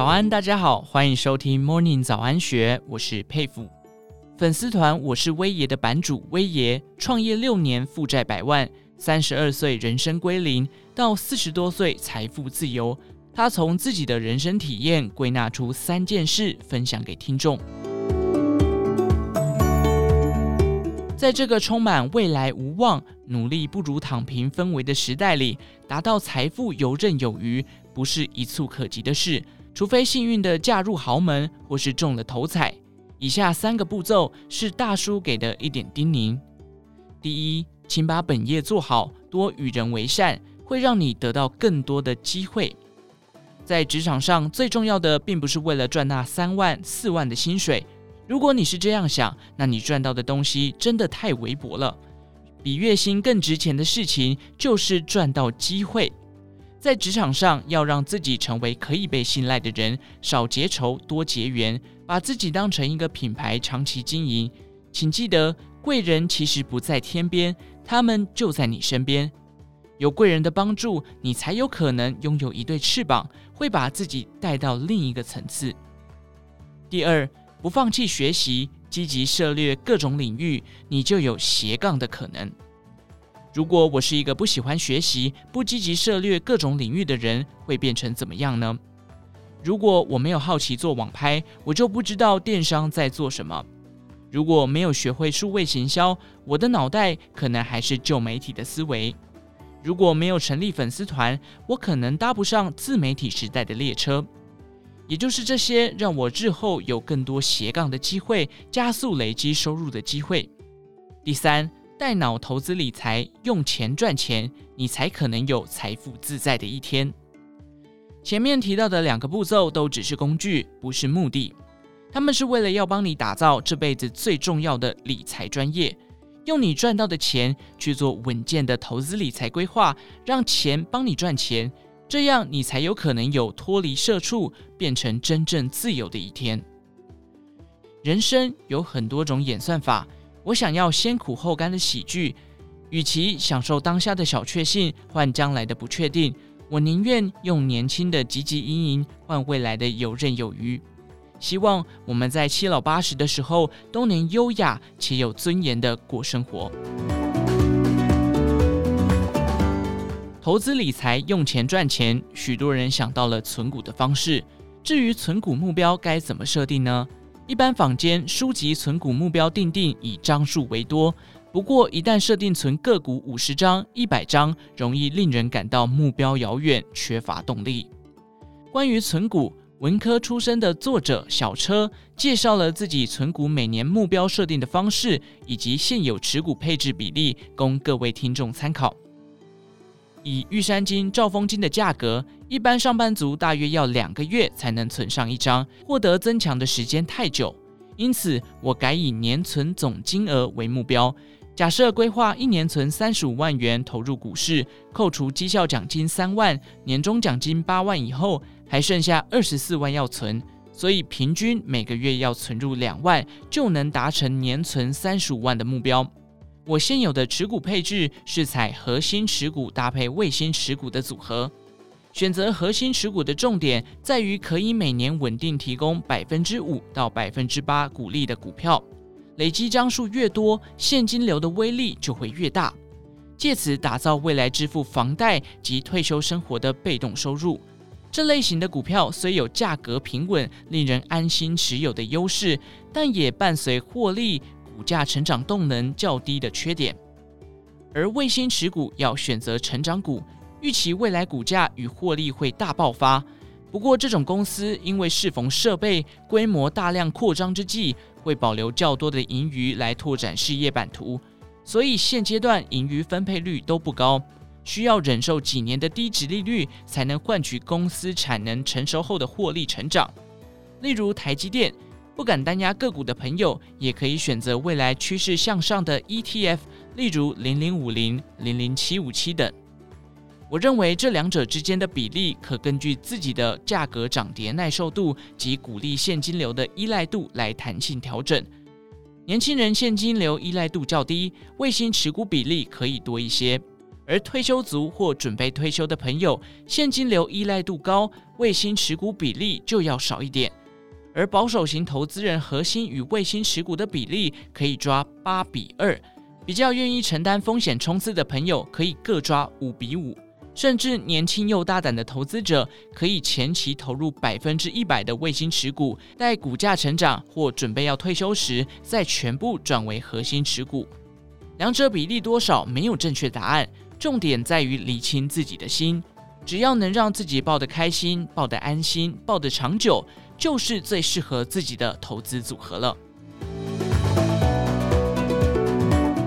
早安，大家好，歡迎收聽 Morning 早安學，我是佩服粉絲團，我是威爺的版主威爺。創業六年，負債百萬，三十二歲人生歸零，到四十多歲財富自由。他從自己的人生體驗歸納出三件事，分享給聽眾。在這個充滿未來無望、努力不如躺平氛圍的時代裡，達到財富游刃有餘，不是一蹴可及的事。除非幸運地嫁入豪門，或是中了頭彩，以下三個步驟是大叔給的一點叮嚀。第一，請把本業做好，多與人為善，會讓你得到更多的機會。在職場上，最重要的並不是為了賺那三萬、四萬的薪水。如果你是這樣想，那你賺到的東西真的太微薄了。比月薪更值錢的事情，就是賺到機會。在職場上，要讓自己成為可以被信賴的人，少結仇，多結緣，把自己當成一個品牌長期經營。請記得，貴人其實不在天邊，他們就在你身邊。有貴人的幫助，你才有可能擁有一對翅膀，會把自己帶到另一個層次。第二，不放棄學習，積極涉獵各種領域，你就有斜槓的可能。如果我是一個不喜歡學習、不積極涉獵各種領域的人，會變成怎麼樣呢？如果我沒有好奇做網拍，我就不知道電商在做什麼；如果沒有學會數位行銷，我的腦袋可能還是舊媒體的思維；如果沒有成立粉絲團，我可能搭不上自媒體時代的列車。也就是這些，讓我日後有更多斜槓的機會，加速累積收入的機會。第三。帶腦投資理財，用錢賺錢，你才可能有財富自在的一天。前面提到的兩個步驟都只是工具，不是目的。他們是為了要幫你打造這輩子最重要的理財專業，用你賺到的錢去做穩健的投資理財規劃，讓錢幫你賺錢，這樣你才有可能有脫離社畜，變成真正自由的一天。人生有很多種演算法。我想要先苦後甘的喜劇，與其享受當下的小確幸，換將來的不確定，我寧願用年輕的汲汲營營，換未來的游刃有餘。希望我們在七老八十的時候，都能優雅且有尊嚴的過生活。投資理財，用錢賺錢，許多人想到了存股的方式。至於存股目標該怎麼設定呢？一般坊間書籍存股目標訂定以張數為多，不過一旦設定存個股五十張、一百張，容易令人感到目標遙遠，缺乏動力。關於存股，文科出身的作者小車介紹了自己存股每年目標設定的方式，以及現有持股配置比例，供各位聽眾參考。以玉山金、兆豐金的價格，一般上班族大約要兩個月才能存上一張，獲得增強的時間太久，因此我改以年存總金額為目標。假設規劃一年存三十五萬元投入股市，扣除績效獎金三萬、年終獎金八萬以後，還剩下二十四萬要存，所以平均每個月要存入兩萬，就能達成年存三十五萬的目標。我現有的持股配置是採核心持股搭配衛星持股的組合。選擇核心持股的重點在於可以每年穩定提供百分之五到百分之八股利的股票，累積張數越多，現金流的威力就會越大，借此打造未來支付房貸及退休生活的被動收入。這類型的股票雖有價格平穩、令人安心持有的優勢，但也伴隨獲利。股價成長動能較低的缺點，而衛星持股要選擇成長股，預期未來股價與獲利會大爆發。不過，這種公司因為適逢設備規模大量擴張之際，會保留較多的盈餘來拓展事業版圖，所以現階段盈餘分配率都不高，需要忍受幾年的低殖利率，才能換取公司產能成熟後的獲利成長。例如台積電。不敢單押個股的朋友，也可以選擇未來趨勢向上的 ETF，例如零零五零、零零七五七等。我認為這兩者之間的比例可根據自己的價格漲跌耐受度及股利現金流的依賴度來彈性調整。年輕人現金流依賴度較低，衛星持股比例可以多一些；而退休族或準備退休的朋友，現金流依賴度高，衛星持股比例就要少一點。而保守型投資人，核心與衛星持股的比例可以抓八比二，比較願意承擔風險衝刺的朋友，可以各抓五比五，甚至年輕又大膽的投資者，可以前期投入百分之一百的衛星持股，待股價成長或準備要退休時，再全部轉為核心持股。兩者比例多少沒有正確答案，重點在於理清自己的心。只要能讓自己抱得開心、抱得安心、抱得長久，就是最適合自己的投資組合了。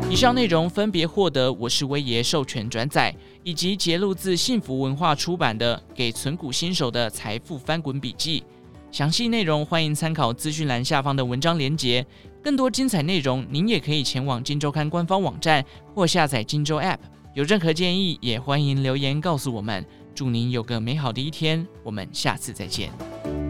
以上內容分別獲得我是威爺授權轉載，以及節錄自幸福文化出版的《給存股新手的財富翻滾筆記》。詳細內容歡迎參考資訊欄下方的文章連結。更多精彩內容，您也可以前往今周刊官方網站或下載今周 App。有任何建議，也歡迎留言告訴我們。祝您有個美好的一天，我們下次再見。